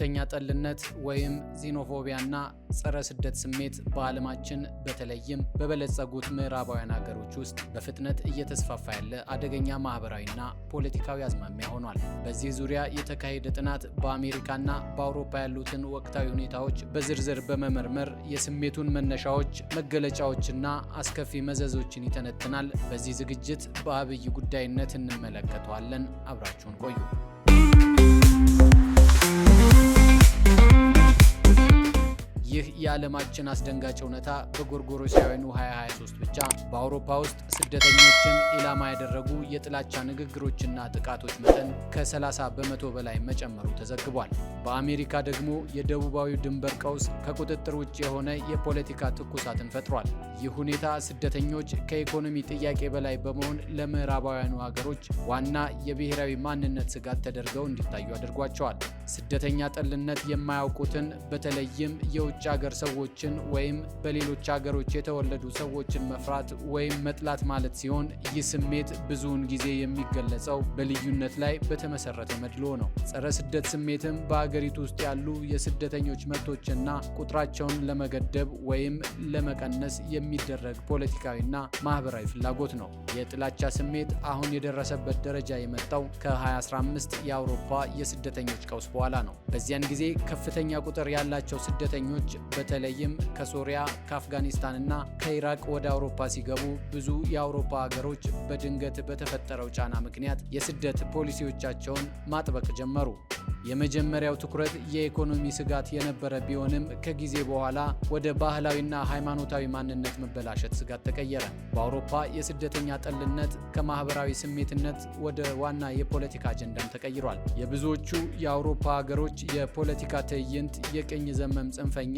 ከፍተኛ ጠልነት ወይም ዜኖፎቢያና ጸረ ስደት ስሜት በዓለማችን በተለይም በበለጸጉት ምዕራባውያን ሀገሮች ውስጥ በፍጥነት እየተስፋፋ ያለ አደገኛ ማህበራዊና ፖለቲካዊ አዝማሚያ ሆኗል። በዚህ ዙሪያ የተካሄደ ጥናት በአሜሪካና በአውሮፓ ያሉትን ወቅታዊ ሁኔታዎች በዝርዝር በመመርመር የስሜቱን መነሻዎች፣ መገለጫዎችና አስከፊ መዘዞችን ይተነትናል። በዚህ ዝግጅት በአብይ ጉዳይነት እንመለከተዋለን። አብራችሁን ቆዩ። ይህ የዓለማችን አስደንጋጭ እውነታ በጎርጎሮሳውያኑ 2023 ብቻ በአውሮፓ ውስጥ ስደተኞችን ኢላማ ያደረጉ የጥላቻ ንግግሮችና ጥቃቶች መጠን ከ30 በመቶ በላይ መጨመሩ ተዘግቧል። በአሜሪካ ደግሞ የደቡባዊ ድንበር ቀውስ ከቁጥጥር ውጭ የሆነ የፖለቲካ ትኩሳትን ፈጥሯል። ይህ ሁኔታ ስደተኞች ከኢኮኖሚ ጥያቄ በላይ በመሆን ለምዕራባውያኑ ሀገሮች ዋና የብሔራዊ ማንነት ስጋት ተደርገው እንዲታዩ አድርጓቸዋል። ስደተኛ ጠልነት የማያውቁትን በተለይም የውጭ ሀገር ሰዎችን ወይም በሌሎች ሀገሮች የተወለዱ ሰዎችን መፍራት ወይም መጥላት ማለት ሲሆን ይህ ስሜት ብዙውን ጊዜ የሚገለጸው በልዩነት ላይ በተመሰረተ መድሎ ነው። ጸረ ስደት ስሜትም በሀገሪቱ ውስጥ ያሉ የስደተኞች መብቶችና ቁጥራቸውን ለመገደብ ወይም ለመቀነስ የሚደረግ ፖለቲካዊና ማህበራዊ ፍላጎት ነው። የጥላቻ ስሜት አሁን የደረሰበት ደረጃ የመጣው ከ2015 የአውሮፓ የስደተኞች ቀውስ በኋላ ነው። በዚያን ጊዜ ከፍተኛ ቁጥር ያላቸው ስደተኞች በተለይም ከሶሪያ ከአፍጋኒስታንና ከኢራቅ ወደ አውሮፓ ሲገቡ ብዙ የአውሮፓ ሀገሮች በድንገት በተፈጠረው ጫና ምክንያት የስደት ፖሊሲዎቻቸውን ማጥበቅ ጀመሩ። የመጀመሪያው ትኩረት የኢኮኖሚ ስጋት የነበረ ቢሆንም ከጊዜ በኋላ ወደ ባህላዊና ሃይማኖታዊ ማንነት መበላሸት ስጋት ተቀየረ። በአውሮፓ የስደተኛ ጠልነት ከማህበራዊ ስሜትነት ወደ ዋና የፖለቲካ አጀንዳም ተቀይሯል። የብዙዎቹ የአውሮ የአውሮፓ ሀገሮች የፖለቲካ ትዕይንት የቅኝ ዘመም ጽንፈኛ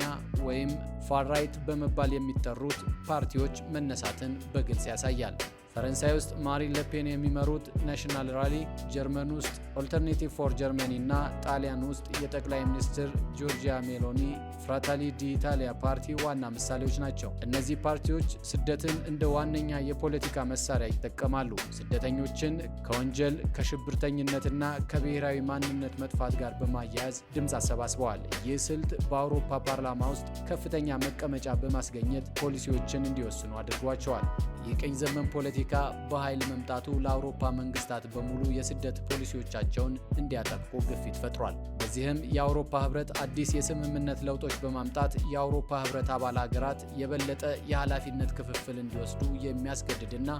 ወይም ፋራይት በመባል የሚጠሩት ፓርቲዎች መነሳትን በግልጽ ያሳያል። ፈረንሳይ ውስጥ ማሪን ለፔን የሚመሩት ናሽናል ራሊ፣ ጀርመን ውስጥ ኦልተርኔቲቭ ፎር ጀርመኒ እና ጣሊያን ውስጥ የጠቅላይ ሚኒስትር ጆርጂያ ሜሎኒ ፍራታሊ ዲኢታሊያ ፓርቲ ዋና ምሳሌዎች ናቸው። እነዚህ ፓርቲዎች ስደትን እንደ ዋነኛ የፖለቲካ መሳሪያ ይጠቀማሉ። ስደተኞችን ከወንጀል ከሽብርተኝነትና ከብሔራዊ ማንነት መጥፋት ጋር በማያያዝ ድምፅ አሰባስበዋል። ይህ ስልት በአውሮፓ ፓርላማ ውስጥ ከፍተኛ መቀመጫ በማስገኘት ፖሊሲዎችን እንዲወስኑ አድርጓቸዋል። የቀኝ ዘመን ፖለቲካ በኃይል መምጣቱ ለአውሮፓ መንግስታት በሙሉ የስደት ፖሊሲዎቻቸውን እንዲያጠብቁ ግፊት ፈጥሯል። በዚህም የአውሮፓ ህብረት አዲስ የስምምነት ለውጦች በማምጣት የአውሮፓ ህብረት አባል ሀገራት የበለጠ የኃላፊነት ክፍፍል እንዲወስዱ የሚያስገድድና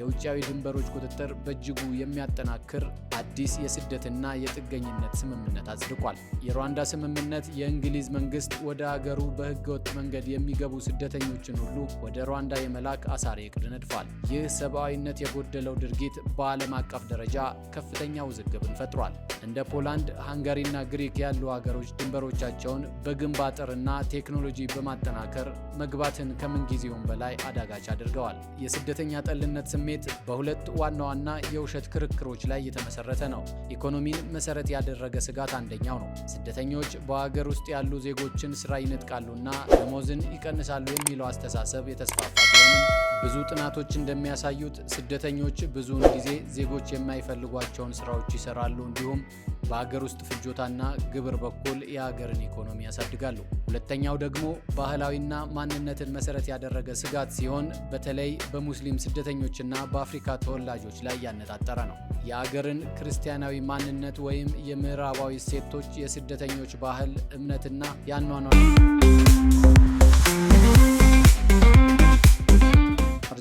የውጫዊ ድንበሮች ቁጥጥር በእጅጉ የሚያጠናክር አዲስ የስደትና የጥገኝነት ስምምነት አጽድቋል። የሩዋንዳ ስምምነት የእንግሊዝ መንግስት ወደ አገሩ በህገወጥ መንገድ የሚገቡ ስደተኞችን ሁሉ ወደ ሩዋንዳ የመላክ አሳሪ እቅድ ነድፏል። ይህ ሰብአዊነት የጎደለው ድርጊት በዓለም አቀፍ ደረጃ ከፍተኛ ውዝግብን ፈጥሯል። እንደ ፖላንድ፣ ሃንጋሪና ግሪ ግሪክ ያሉ ሀገሮች ድንበሮቻቸውን በግንብ አጥርና ቴክኖሎጂ በማጠናከር መግባትን ከምንጊዜውም በላይ አዳጋች አድርገዋል። የስደተኛ ጠልነት ስሜት በሁለት ዋና ዋና የውሸት ክርክሮች ላይ የተመሰረተ ነው። ኢኮኖሚን መሰረት ያደረገ ስጋት አንደኛው ነው። ስደተኞች በሀገር ውስጥ ያሉ ዜጎችን ስራ ይነጥቃሉና ደሞዝን ይቀንሳሉ የሚለው አስተሳሰብ የተስፋፋ ቢሆንም ብዙ ጥናቶች እንደሚያሳዩት ስደተኞች ብዙውን ጊዜ ዜጎች የማይፈልጓቸውን ስራዎች ይሰራሉ፣ እንዲሁም በሀገር ውስጥ ፍጆታና ግብር በኩል የሀገርን ኢኮኖሚ ያሳድጋሉ። ሁለተኛው ደግሞ ባህላዊና ማንነትን መሰረት ያደረገ ስጋት ሲሆን በተለይ በሙስሊም ስደተኞችና በአፍሪካ ተወላጆች ላይ ያነጣጠረ ነው። የአገርን ክርስቲያናዊ ማንነት ወይም የምዕራባዊ እሴቶች፣ የስደተኞች ባህል፣ እምነትና ያኗኗ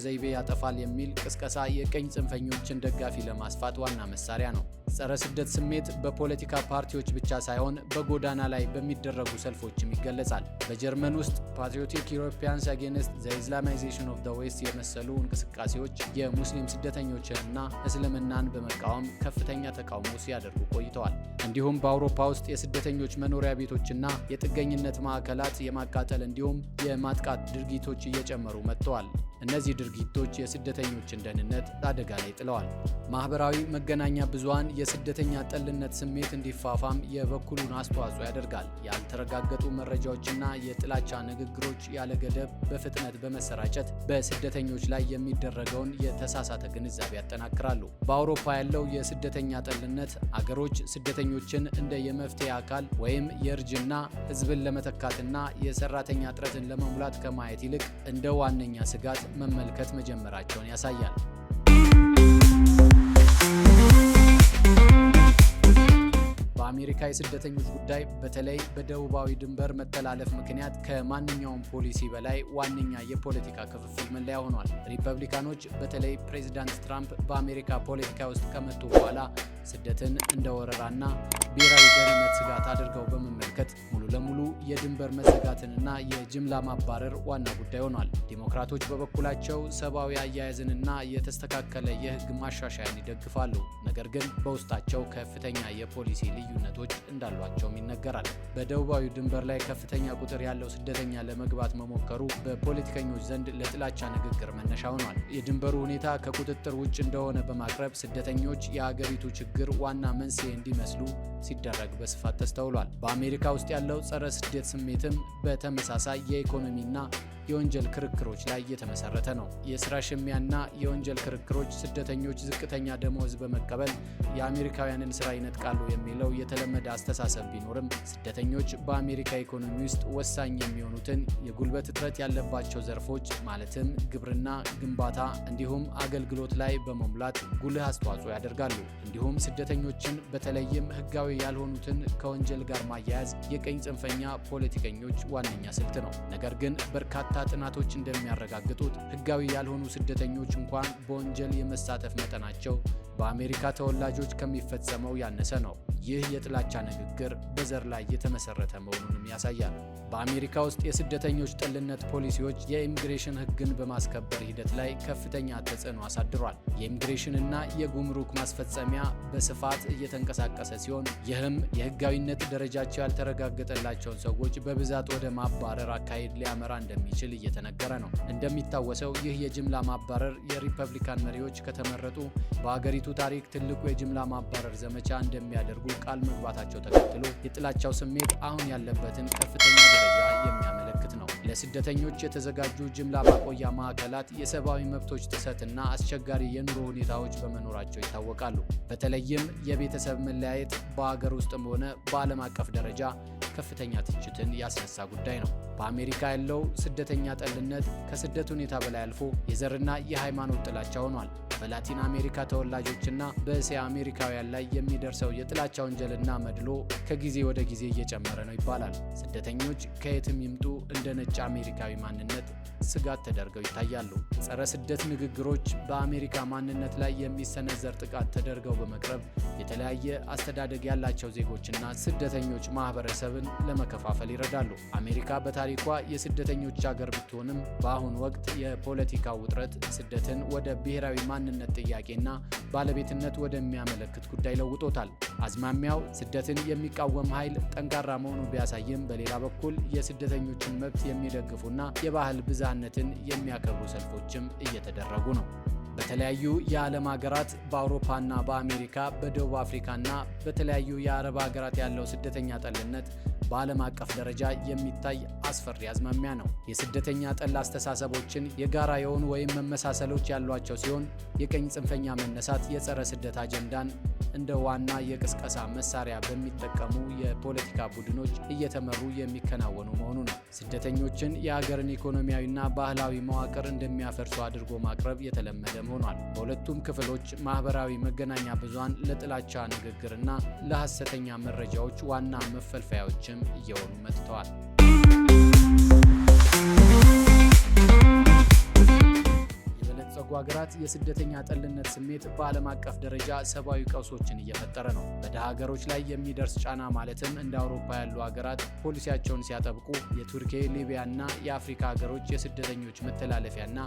ዘይቤ ያጠፋል የሚል ቅስቀሳ የቀኝ ጽንፈኞችን ደጋፊ ለማስፋት ዋና መሳሪያ ነው። ጸረ ስደት ስሜት በፖለቲካ ፓርቲዎች ብቻ ሳይሆን በጎዳና ላይ በሚደረጉ ሰልፎችም ይገለጻል። በጀርመን ውስጥ ፓትሪዮቲክ ዩሮፒያንስ አጌንስት ዘ ኢስላማይዜሽን ኦፍ ዘ ዌስት የመሰሉ እንቅስቃሴዎች የሙስሊም ስደተኞችንና እስልምናን በመቃወም ከፍተኛ ተቃውሞ ሲያደርጉ ቆይተዋል። እንዲሁም በአውሮፓ ውስጥ የስደተኞች መኖሪያ ቤቶችና የጥገኝነት ማዕከላት የማቃጠል እንዲሁም የማጥቃት ድርጊቶች እየጨመሩ መጥተዋል። እነዚህ ድርጊቶች የስደተኞችን ደህንነት አደጋ ላይ ጥለዋል። ማህበራዊ መገናኛ ብዙሃን የስደተኛ ጠልነት ስሜት እንዲፋፋም የበኩሉን አስተዋጽኦ ያደርጋል። ያልተረጋገጡ መረጃዎችና የጥላቻ ንግግሮች ያለ ገደብ በፍጥነት በመሰራጨት በስደተኞች ላይ የሚደረገውን የተሳሳተ ግንዛቤ ያጠናክራሉ። በአውሮፓ ያለው የስደተኛ ጠልነት አገሮች ስደተኞችን እንደ የመፍትሄ አካል ወይም የእርጅና ህዝብን ለመተካትና የሰራተኛ እጥረትን ለመሙላት ከማየት ይልቅ እንደ ዋነኛ ስጋት መመልከት መጀመራቸውን ያሳያል። በአሜሪካ የስደተኞች ጉዳይ በተለይ በደቡባዊ ድንበር መተላለፍ ምክንያት ከማንኛውም ፖሊሲ በላይ ዋነኛ የፖለቲካ ክፍፍል መለያ ሆኗል። ሪፐብሊካኖች በተለይ ፕሬዚዳንት ትራምፕ በአሜሪካ ፖለቲካ ውስጥ ከመጡ በኋላ ስደትን እንደ ወረራና ብሔራዊ ደህንነት ስጋት አድርገው በመመልከት ሙሉ ለሙሉ የድንበር መዘጋትንና የጅምላ ማባረር ዋና ጉዳይ ሆኗል። ዲሞክራቶች በበኩላቸው ሰብአዊ አያያዝንና የተስተካከለ የህግ ማሻሻያን ይደግፋሉ። ነገር ግን በውስጣቸው ከፍተኛ የፖሊሲ ልዩነቶች እንዳሏቸውም ይነገራል። በደቡባዊ ድንበር ላይ ከፍተኛ ቁጥር ያለው ስደተኛ ለመግባት መሞከሩ በፖለቲከኞች ዘንድ ለጥላቻ ንግግር መነሻ ሆኗል። የድንበሩ ሁኔታ ከቁጥጥር ውጭ እንደሆነ በማቅረብ ስደተኞች የአገሪቱ ችግር ችግር ዋና መንስኤ እንዲመስሉ ሲደረግ በስፋት ተስተውሏል። በአሜሪካ ውስጥ ያለው ጸረ ስደት ስሜትም በተመሳሳይ የኢኮኖሚና የወንጀል ክርክሮች ላይ እየተመሰረተ ነው። የስራ ሽሚያና የወንጀል ክርክሮች ስደተኞች ዝቅተኛ ደመወዝ በመቀበል የአሜሪካውያንን ስራ ይነጥቃሉ የሚለው የተለመደ አስተሳሰብ ቢኖርም ስደተኞች በአሜሪካ ኢኮኖሚ ውስጥ ወሳኝ የሚሆኑትን የጉልበት እጥረት ያለባቸው ዘርፎች ማለትም ግብርና፣ ግንባታ እንዲሁም አገልግሎት ላይ በመሙላት ጉልህ አስተዋጽኦ ያደርጋሉ። እንዲሁም ስደተኞችን በተለይም ህጋዊ ያልሆኑትን ከወንጀል ጋር ማያያዝ የቀኝ ጽንፈኛ ፖለቲከኞች ዋነኛ ስልት ነው። ነገር ግን በርካታ ጥናቶች እንደሚያረጋግጡት ሕጋዊ ያልሆኑ ስደተኞች እንኳን በወንጀል የመሳተፍ መጠናቸው በአሜሪካ ተወላጆች ከሚፈጸመው ያነሰ ነው። ይህ የጥላቻ ንግግር በዘር ላይ የተመሰረተ መሆኑንም ያሳያል። በአሜሪካ ውስጥ የስደተኞች ጠልነት ፖሊሲዎች የኢሚግሬሽን ሕግን በማስከበር ሂደት ላይ ከፍተኛ ተጽዕኖ አሳድሯል። የኢሚግሬሽንና የጉምሩክ ማስፈጸሚያ በስፋት እየተንቀሳቀሰ ሲሆን ይህም የሕጋዊነት ደረጃቸው ያልተረጋገጠላቸውን ሰዎች በብዛት ወደ ማባረር አካሄድ ሊያመራ እንደሚችል እንደሚችል እየተነገረ ነው። እንደሚታወሰው ይህ የጅምላ ማባረር የሪፐብሊካን መሪዎች ከተመረጡ በአገሪቱ ታሪክ ትልቁ የጅምላ ማባረር ዘመቻ እንደሚያደርጉ ቃል መግባታቸው ተከትሎ የጥላቻው ስሜት አሁን ያለበትን ከፍተኛ ደረጃ የሚያመለክት ነው። ለስደተኞች የተዘጋጁ ጅምላ ማቆያ ማዕከላት የሰብአዊ መብቶች ጥሰትና አስቸጋሪ የኑሮ ሁኔታዎች በመኖራቸው ይታወቃሉ። በተለይም የቤተሰብ መለያየት በሀገር ውስጥም ሆነ በዓለም አቀፍ ደረጃ ከፍተኛ ትችትን ያስነሳ ጉዳይ ነው። በአሜሪካ ያለው ስደተ ድንገተኛ ጠልነት ከስደት ሁኔታ በላይ አልፎ የዘርና የሃይማኖት ጥላቻ ሆኗል። በላቲን አሜሪካ ተወላጆችና በእስያ አሜሪካውያን ላይ የሚደርሰው የጥላቻ ወንጀልና መድሎ ከጊዜ ወደ ጊዜ እየጨመረ ነው ይባላል። ስደተኞች ከየትም ይምጡ እንደ ነጭ አሜሪካዊ ማንነት ስጋት ተደርገው ይታያሉ። ጸረ ስደት ንግግሮች በአሜሪካ ማንነት ላይ የሚሰነዘር ጥቃት ተደርገው በመቅረብ የተለያየ አስተዳደግ ያላቸው ዜጎችና ስደተኞች ማህበረሰብን ለመከፋፈል ይረዳሉ። አሜሪካ በታሪኳ የስደተኞች ሀገር ብትሆንም በአሁኑ ወቅት የፖለቲካ ውጥረት ስደትን ወደ ብሔራዊ ማንነት ጥያቄና ባለቤትነት ወደሚያመለክት ጉዳይ ለውጦታል። አዝማሚያው ስደትን የሚቃወም ኃይል ጠንካራ መሆኑ ቢያሳይም፣ በሌላ በኩል የስደተኞችን መብት የሚደግፉና የባህል ብዛ ነፃነትን የሚያከብሩ ሰልፎችም እየተደረጉ ነው። በተለያዩ የዓለም ሀገራት በአውሮፓና በአሜሪካ በደቡብ አፍሪካና በተለያዩ የአረብ ሀገራት ያለው ስደተኛ ጠልነት በዓለም አቀፍ ደረጃ የሚታይ አስፈሪ አዝማሚያ ነው። የስደተኛ ጠል አስተሳሰቦችን የጋራ የሆኑ ወይም መመሳሰሎች ያሏቸው ሲሆን የቀኝ ጽንፈኛ መነሳት የጸረ ስደት አጀንዳን እንደ ዋና የቅስቀሳ መሳሪያ በሚጠቀሙ የፖለቲካ ቡድኖች እየተመሩ የሚከናወኑ መሆኑ ነው። ስደተኞችን የሀገርን ኢኮኖሚያዊና ባህላዊ መዋቅር እንደሚያፈርሱ አድርጎ ማቅረብ የተለመደ ሆኗል። በሁለቱም ክፍሎች ማህበራዊ መገናኛ ብዙሃን ለጥላቻ ንግግርና ለሐሰተኛ መረጃዎች ዋና መፈልፈያዎችም እየሆኑ መጥተዋል። በለጸጉ ሀገራት የስደተኛ ጠልነት ስሜት በዓለም አቀፍ ደረጃ ሰብአዊ ቀውሶችን እየፈጠረ ነው። በድሃ ሀገሮች ላይ የሚደርስ ጫና ማለትም እንደ አውሮፓ ያሉ ሀገራት ፖሊሲያቸውን ሲያጠብቁ የቱርኬ፣ ሊቢያና የአፍሪካ ሀገሮች የስደተኞች መተላለፊያና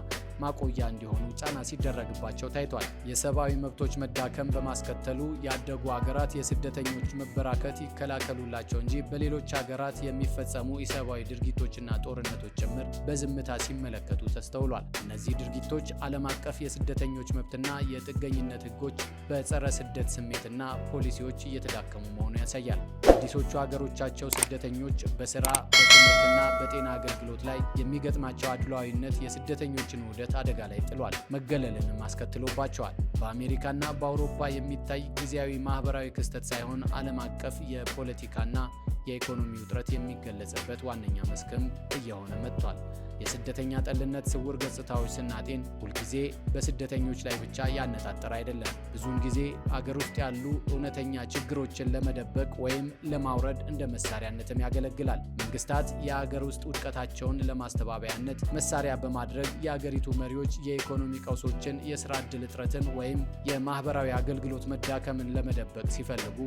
ማቆያ እንዲሆኑ ጫና ሲደረግባቸው ታይቷል። የሰብአዊ መብቶች መዳከም በማስከተሉ ያደጉ ሀገራት የስደተኞች መበራከት ይከላከሉላቸው እንጂ በሌሎች ሀገራት የሚፈጸሙ ኢሰብአዊ ድርጊቶችና ጦርነቶች ጭምር በዝምታ ሲመለከቱ ተስተውሏል። እነዚህ ድርጊቶች ዓለም አቀፍ የስደተኞች መብትና የጥገኝነት ሕጎች በጸረ ስደት ስሜትና ፖሊሲዎች እየተዳከሙ መሆኑን ያሳያል። አዲሶቹ ሀገሮቻቸው ስደተኞች በስራ በትምህርትና በጤና አገልግሎት ላይ የሚገጥማቸው አድሏዊነት የስደተኞችን ውህደት አደጋ ላይ ጥሏል፣ መገለልንም አስከትሎባቸዋል። በአሜሪካና በአውሮፓ የሚታይ ጊዜያዊ ማህበራዊ ክስተት ሳይሆን ዓለም አቀፍ የፖለቲካና የኢኮኖሚ ውጥረት የሚገለጽበት ዋነኛ መስክም እየሆነ መጥቷል። የስደተኛ ጠልነት ስውር ገጽታዎች ስናጤን ሁልጊዜ በስደተኞች ላይ ብቻ ያነጣጠር አይደለም። ብዙውን ጊዜ አገር ውስጥ ያሉ እውነተኛ ችግሮችን ለመደበቅ ወይም ለማውረድ እንደ መሳሪያነትም ያገለግላል። መንግስታት የአገር ውስጥ ውድቀታቸውን ለማስተባበያነት መሳሪያ በማድረግ የአገሪቱ መሪዎች የኢኮኖሚ ቀውሶችን፣ የስራ ዕድል እጥረትን ወይም የማህበራዊ አገልግሎት መዳከምን ለመደበቅ ሲፈልጉ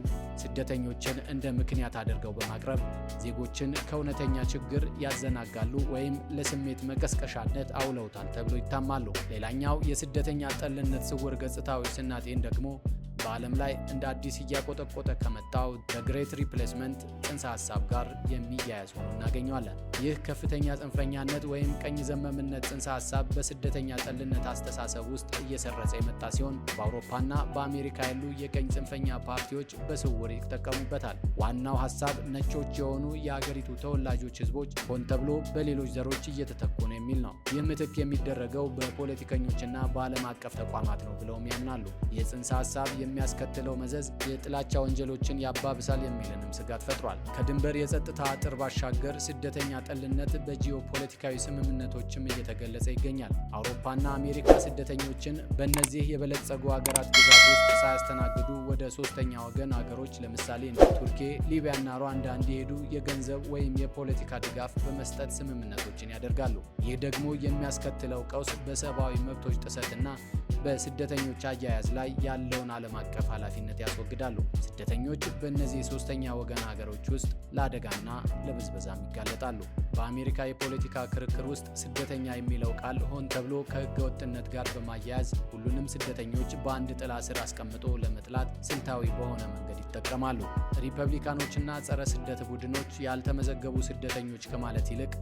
ስደተኞችን እንደ ምክንያት አድርገው በማቅረብ ዜጎችን ከእውነተኛ ችግር ያዘናጋሉ ወይም ለስም ስሜት መቀስቀሻነት አውለውታል ተብሎ ይታማሉ። ሌላኛው የስደተኛ ጠልነት ስውር ገጽታዎች ስናጤን ደግሞ በዓለም ላይ እንደ አዲስ እያቆጠቆጠ ከመጣው በግሬት ሪፕሌስመንት ጽንሰ ሀሳብ ጋር የሚያያዝ ሆኖ እናገኘዋለን። ይህ ከፍተኛ ጽንፈኛነት ወይም ቀኝ ዘመምነት ጽንሰ ሀሳብ በስደተኛ ጠልነት አስተሳሰብ ውስጥ እየሰረጸ የመጣ ሲሆን በአውሮፓና በአሜሪካ ያሉ የቀኝ ጽንፈኛ ፓርቲዎች በስውር ይጠቀሙበታል። ዋናው ሀሳብ ነጮች የሆኑ የአገሪቱ ተወላጆች ህዝቦች ሆን ተብሎ በሌሎች ዘሮች እየተተኩ ነው የሚል ነው። ይህ ምትክ የሚደረገው በፖለቲከኞችና በዓለም አቀፍ ተቋማት ነው ብለውም ያምናሉ። ይህ ሀሳብ ሀሳብ የሚያስከትለው መዘዝ የጥላቻ ወንጀሎችን ያባብሳል የሚልንም ስጋት ፈጥሯል። ከድንበር የጸጥታ አጥር ባሻገር ስደተኛ ጠልነት በጂኦ ፖለቲካዊ ስምምነቶችም እየተገለጸ ይገኛል። አውሮፓና አሜሪካ ስደተኞችን በእነዚህ የበለጸጉ ሀገራት ግዛት ውስጥ ሳያስተናግዱ ወደ ሶስተኛ ወገን አገሮች ለምሳሌ እንደ ቱርኬ፣ ሊቢያና ሩዋንዳ እንዲሄዱ የገንዘብ ወይም የፖለቲካ ድጋፍ በመስጠት ስምምነቶችን ያደርጋሉ። ይህ ደግሞ የሚያስከትለው ቀውስ በሰብአዊ መብቶች ጥሰትና በስደተኞች አያያዝ ላይ ያለውን አለማ አቀፍ ኃላፊነት ያስወግዳሉ። ስደተኞች በእነዚህ የሶስተኛ ወገን ሀገሮች ውስጥ ለአደጋና ለብዝበዛም ይጋለጣሉ። በአሜሪካ የፖለቲካ ክርክር ውስጥ ስደተኛ የሚለው ቃል ሆን ተብሎ ከህገ ወጥነት ጋር በማያያዝ ሁሉንም ስደተኞች በአንድ ጥላ ስር አስቀምጦ ለመጥላት ስልታዊ በሆነ መንገድ ይጠቀማሉ። ሪፐብሊካኖችና ጸረ ስደት ቡድኖች ያልተመዘገቡ ስደተኞች ከማለት ይልቅ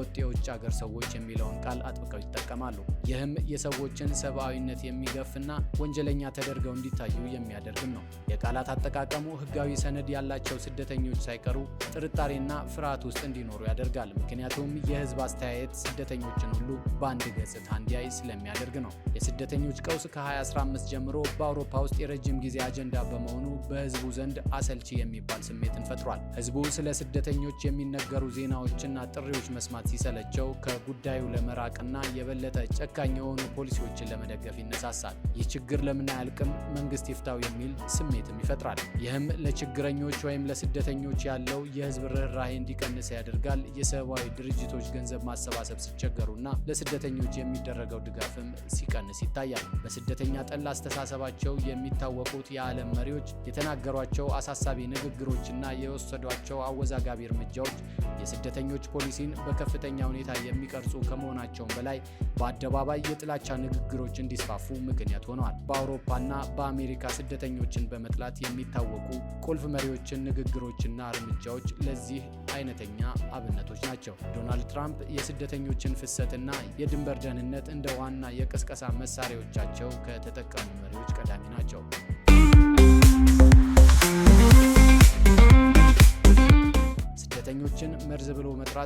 ወጥ የውጭ አገር ሰዎች የሚለውን ቃል አጥብቀው ይጠቀማሉ። ይህም የሰዎችን ሰብአዊነት የሚገፍና ወንጀለኛ ተደርገው እንዲታዩ የሚያደርግም ነው። የቃላት አጠቃቀሙ ሕጋዊ ሰነድ ያላቸው ስደተኞች ሳይቀሩ ጥርጣሬና ፍርሃት ውስጥ እንዲኖሩ ያደርጋል። ምክንያቱም የህዝብ አስተያየት ስደተኞችን ሁሉ በአንድ ገጽታ እንዲያይ ስለሚያደርግ ነው። የስደተኞች ቀውስ ከ2015 ጀምሮ በአውሮፓ ውስጥ የረጅም ጊዜ አጀንዳ በመሆኑ በህዝቡ ዘንድ አሰልቺ የሚባል ስሜትን ፈጥሯል። ህዝቡ ስለ ስደተኞች የሚነገሩ ዜናዎችና ጥሪዎች መስማት ሲሰለቸው ከጉዳዩ ለመራቅና የበለጠ ጨካኝ የሆኑ ፖሊሲዎችን ለመደገፍ ይነሳሳል። ይህ ችግር ለምን አያልቅም? መንግስት ይፍታው የሚል ስሜትም ይፈጥራል። ይህም ለችግረኞች ወይም ለስደተኞች ያለው የህዝብ ርኅራሄ እንዲቀንስ ያደርጋል። የሰብአዊ ድርጅቶች ገንዘብ ማሰባሰብ ሲቸገሩና ለስደተኞች የሚደረገው ድጋፍም ሲቀንስ ይታያል። በስደተኛ ጠላ አስተሳሰባቸው የሚታወቁት የዓለም መሪዎች የተናገሯቸው አሳሳቢ ንግግሮችና የወሰዷቸው አወዛጋቢ እርምጃዎች የስደተኞች ፖሊሲን በከፍተኛ ሁኔታ የሚቀርጹ ከመሆናቸውም በላይ በአደባባይ የጥላቻ ንግግሮች እንዲስፋፉ ምክንያት ሆነዋል። በአውሮፓና በአሜሪካ አፍሪካ ስደተኞችን በመጥላት የሚታወቁ ቁልፍ መሪዎችን ንግግሮችና እርምጃዎች ለዚህ አይነተኛ አብነቶች ናቸው። ዶናልድ ትራምፕ የስደተኞችን ፍሰትና የድንበር ደህንነት እንደ ዋና የቅስቀሳ መሳሪያዎቻቸው ከተጠቀሙ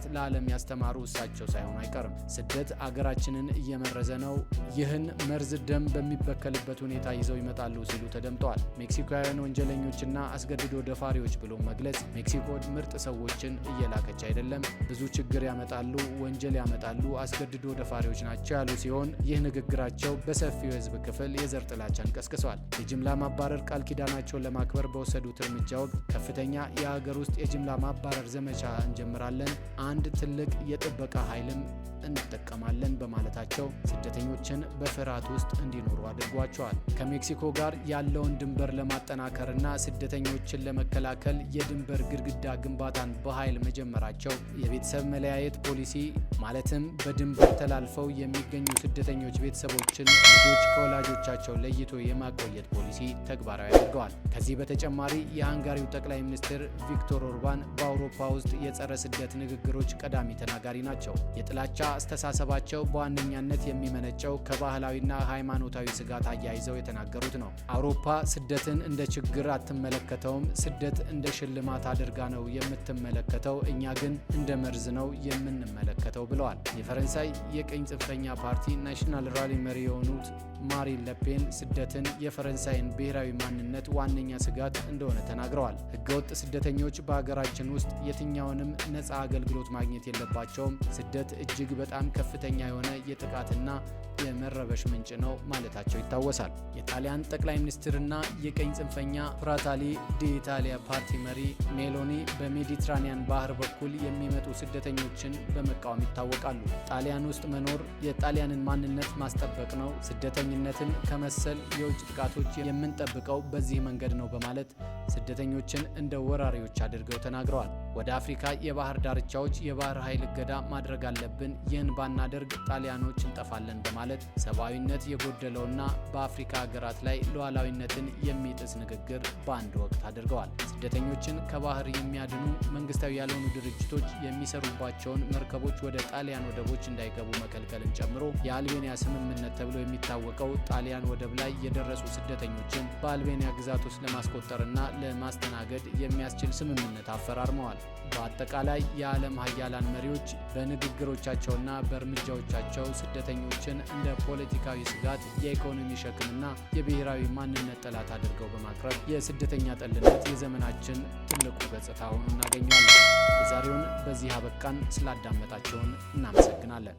በመግባት ለዓለም ያስተማሩ እሳቸው ሳይሆን አይቀርም። ስደት አገራችንን እየመረዘ ነው፣ ይህን መርዝ ደም በሚበከልበት ሁኔታ ይዘው ይመጣሉ ሲሉ ተደምጠዋል። ሜክሲኮውያን ወንጀለኞችና አስገድዶ ደፋሪዎች ብሎ መግለጽ ሜክሲኮ ምርጥ ሰዎችን እየላከች አይደለም፣ ብዙ ችግር ያመጣሉ፣ ወንጀል ያመጣሉ፣ አስገድዶ ደፋሪዎች ናቸው ያሉ ሲሆን ይህ ንግግራቸው በሰፊው የህዝብ ክፍል የዘር ጥላቻን ቀስቅሷል። የጅምላ ማባረር ቃል ኪዳናቸውን ለማክበር በወሰዱት እርምጃ ወቅት ከፍተኛ የሀገር ውስጥ የጅምላ ማባረር ዘመቻ እንጀምራለን አንድ ትልቅ የጥበቃ ኃይልም እንጠቀማለን በማለታቸው ስደተኞችን በፍርሃት ውስጥ እንዲኖሩ አድርጓቸዋል። ከሜክሲኮ ጋር ያለውን ድንበር ለማጠናከርና ስደተኞችን ለመከላከል የድንበር ግድግዳ ግንባታን በኃይል መጀመራቸው የቤተሰብ መለያየት ፖሊሲ ማለትም በድንበር ተላልፈው የሚገኙ ስደተኞች ቤተሰቦችን ልጆች ከወላጆቻቸው ለይቶ የማቆየት ፖሊሲ ተግባራዊ አድርገዋል። ከዚህ በተጨማሪ የሃንጋሪው ጠቅላይ ሚኒስትር ቪክቶር ኦርባን በአውሮፓ ውስጥ የጸረ ስደት ንግግሮች ነገሮች ቀዳሚ ተናጋሪ ናቸው። የጥላቻ አስተሳሰባቸው በዋነኛነት የሚመነጨው ከባህላዊና ሃይማኖታዊ ስጋት አያይዘው የተናገሩት ነው። አውሮፓ ስደትን እንደ ችግር አትመለከተውም፣ ስደት እንደ ሽልማት አድርጋ ነው የምትመለከተው፣ እኛ ግን እንደ መርዝ ነው የምንመለከተው ብለዋል። የፈረንሳይ የቀኝ ጽንፈኛ ፓርቲ ናሽናል ራሊ መሪ የሆኑት ማሪን ለፔን ስደትን የፈረንሳይን ብሔራዊ ማንነት ዋነኛ ስጋት እንደሆነ ተናግረዋል። ህገወጥ ስደተኞች በሀገራችን ውስጥ የትኛውንም ነፃ አገልግሎት ማግኘት የለባቸውም፣ ስደት እጅግ በጣም ከፍተኛ የሆነ የጥቃትና የመረበሽ ምንጭ ነው ማለታቸው ይታወሳል። የጣሊያን ጠቅላይ ሚኒስትርና የቀኝ ጽንፈኛ ፍራታሊ ዲኢታሊያ ፓርቲ መሪ ሜሎኒ በሜዲትራኒያን ባህር በኩል የሚመጡ ስደተኞችን በመቃወም ይታወቃሉ። ጣሊያን ውስጥ መኖር የጣሊያንን ማንነት ማስጠበቅ ነው፣ ስደተኝነትን ከመሰል የውጭ ጥቃቶች የምንጠብቀው በዚህ መንገድ ነው በማለት ስደተኞችን እንደ ወራሪዎች አድርገው ተናግረዋል። ወደ አፍሪካ የባህር ዳርቻዎች የባህር ኃይል እገዳ ማድረግ አለብን፣ ይህን ባናደርግ ጣሊያኖች እንጠፋለን በማለት ሰብአዊነት የጎደለውና በአፍሪካ ሀገራት ላይ ሉዓላዊነትን የሚጥስ ንግግር በአንድ ወቅት አድርገዋል። ስደተኞችን ከባህር የሚያድኑ መንግስታዊ ያልሆኑ ድርጅቶች የሚሰሩባቸውን መርከቦች ወደ ጣሊያን ወደቦች እንዳይገቡ መከልከልን ጨምሮ የአልቤኒያ ስምምነት ተብሎ የሚታወቀው ጣሊያን ወደብ ላይ የደረሱ ስደተኞችን በአልቤኒያ ግዛት ውስጥ ለማስቆጠርና ለማስተናገድ የሚያስችል ስምምነት አፈራርመዋል። በአጠቃላይ የዓለም ሀያላን መሪዎች በንግግሮቻቸውና በእርምጃዎቻቸው ስደተኞችን እንደ ፖለቲካዊ ስጋት፣ የኢኮኖሚ ሸክምና የብሔራዊ ማንነት ጠላት አድርገው በማቅረብ የስደተኛ ጠልነት የዘመናችን ትልቁ ገጽታ ሆኖ እናገኘዋለን። የዛሬውን በዚህ አበቃን። ስላዳመጣቸውን እናመሰግናለን።